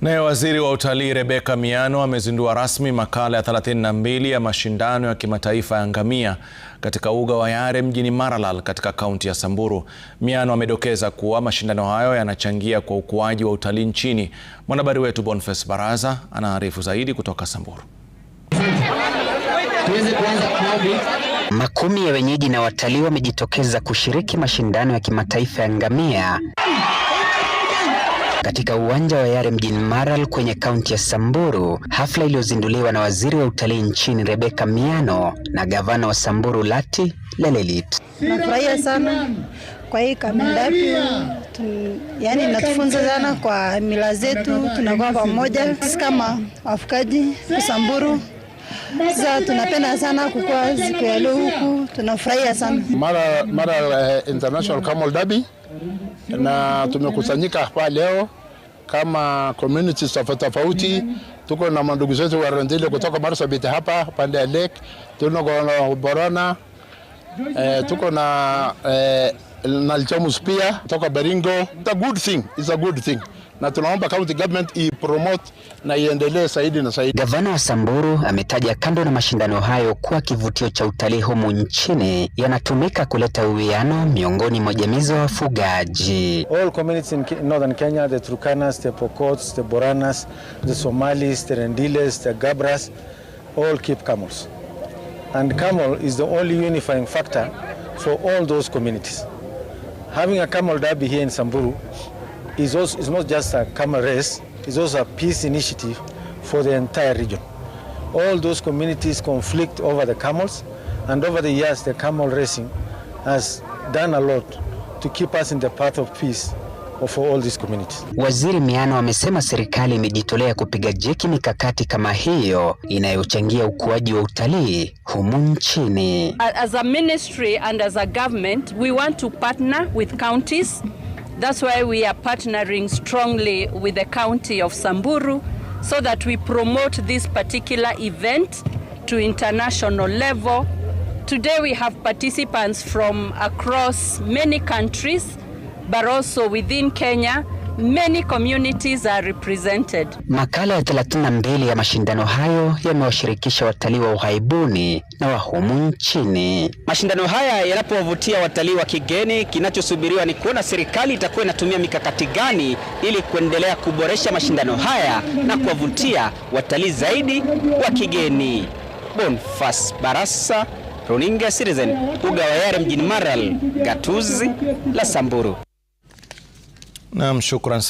Naye waziri wa utalii Rebecca Miano amezindua rasmi makala ya 32 ya mashindano ya kimataifa ya ngamia katika uga wa Yare mjini Maralal katika kaunti ya Samburu. Miano amedokeza kuwa mashindano hayo yanachangia kwa ukuaji wa utalii nchini. Mwanahabari wetu Boniface Baraza anaarifu zaidi kutoka Samburu. Makumi ya wenyeji na watalii wamejitokeza kushiriki mashindano ya kimataifa ya ngamia katika uwanja wa Yare mjini Maral kwenye kaunti ya Samburu, hafla iliyozinduliwa na waziri wa utalii nchini Rebecca Miano na gavana wa Samburu Lati Lelelit. Nafurahia sana kwa hii kamendaki, yani inatufunza sana kwa mila zetu, tunakuwa pamoja sisi kama wafukaji Samburu. Sasa tunapenda sana kukua siku ya leo huku, tunafurahia sana mara mara uh, International Camel Derby, na tumekusanyika hapa leo kama community tofauti tofauti. Tuko na mandugu zetu wa Rendile kutoka Marsabit hapa pande ya lake, tuko na Borana eh, tuko na eh, na Lchamus pia kutoka Baringo. It's a good thing, it's a good thing na tunaomba county government ipromote na iendelee zaidi na zaidi. Gavana wa Samburu ametaja kando na mashindano hayo kuwa kivutio cha utalii humu nchini, yanatumika kuleta uwiano miongoni mwa jamii za wafugaji. All communities in northern Kenya, the Turkanas, the Pokots, the Boranas, the Somalis, the Rendiles, the Gabras, all keep camels. And camel is the only unifying factor for all those communities. Having a camel derby here in Samburu is also is not just a camel race, it's also a peace initiative for the entire region. All those communities conflict over the camels, and over the years the camel racing has done a lot to keep us in the path of peace. For all these communities. Waziri Miano amesema serikali imejitolea kupiga jeki mikakati kama hiyo inayochangia ukuaji wa utalii humu nchini. As a ministry and as a government, we want to partner with counties That's why we are partnering strongly with the county of Samburu so that we promote this particular event to international level. Today we have participants from across many countries, but also within Kenya. Many communities are represented. Makala ya 32 ya mashindano hayo yamewashirikisha watalii wa ughaibuni na wa humu nchini. Mashindano haya yanapowavutia watalii wa kigeni, kinachosubiriwa ni kuona serikali itakuwa inatumia mikakati gani ili kuendelea kuboresha mashindano haya na kuwavutia watalii zaidi wa kigeni. Bonfas Barasa, Runinga Citizen, Ugawayare mjini Maral, Gatuzi la Samburu. Naam, shukran.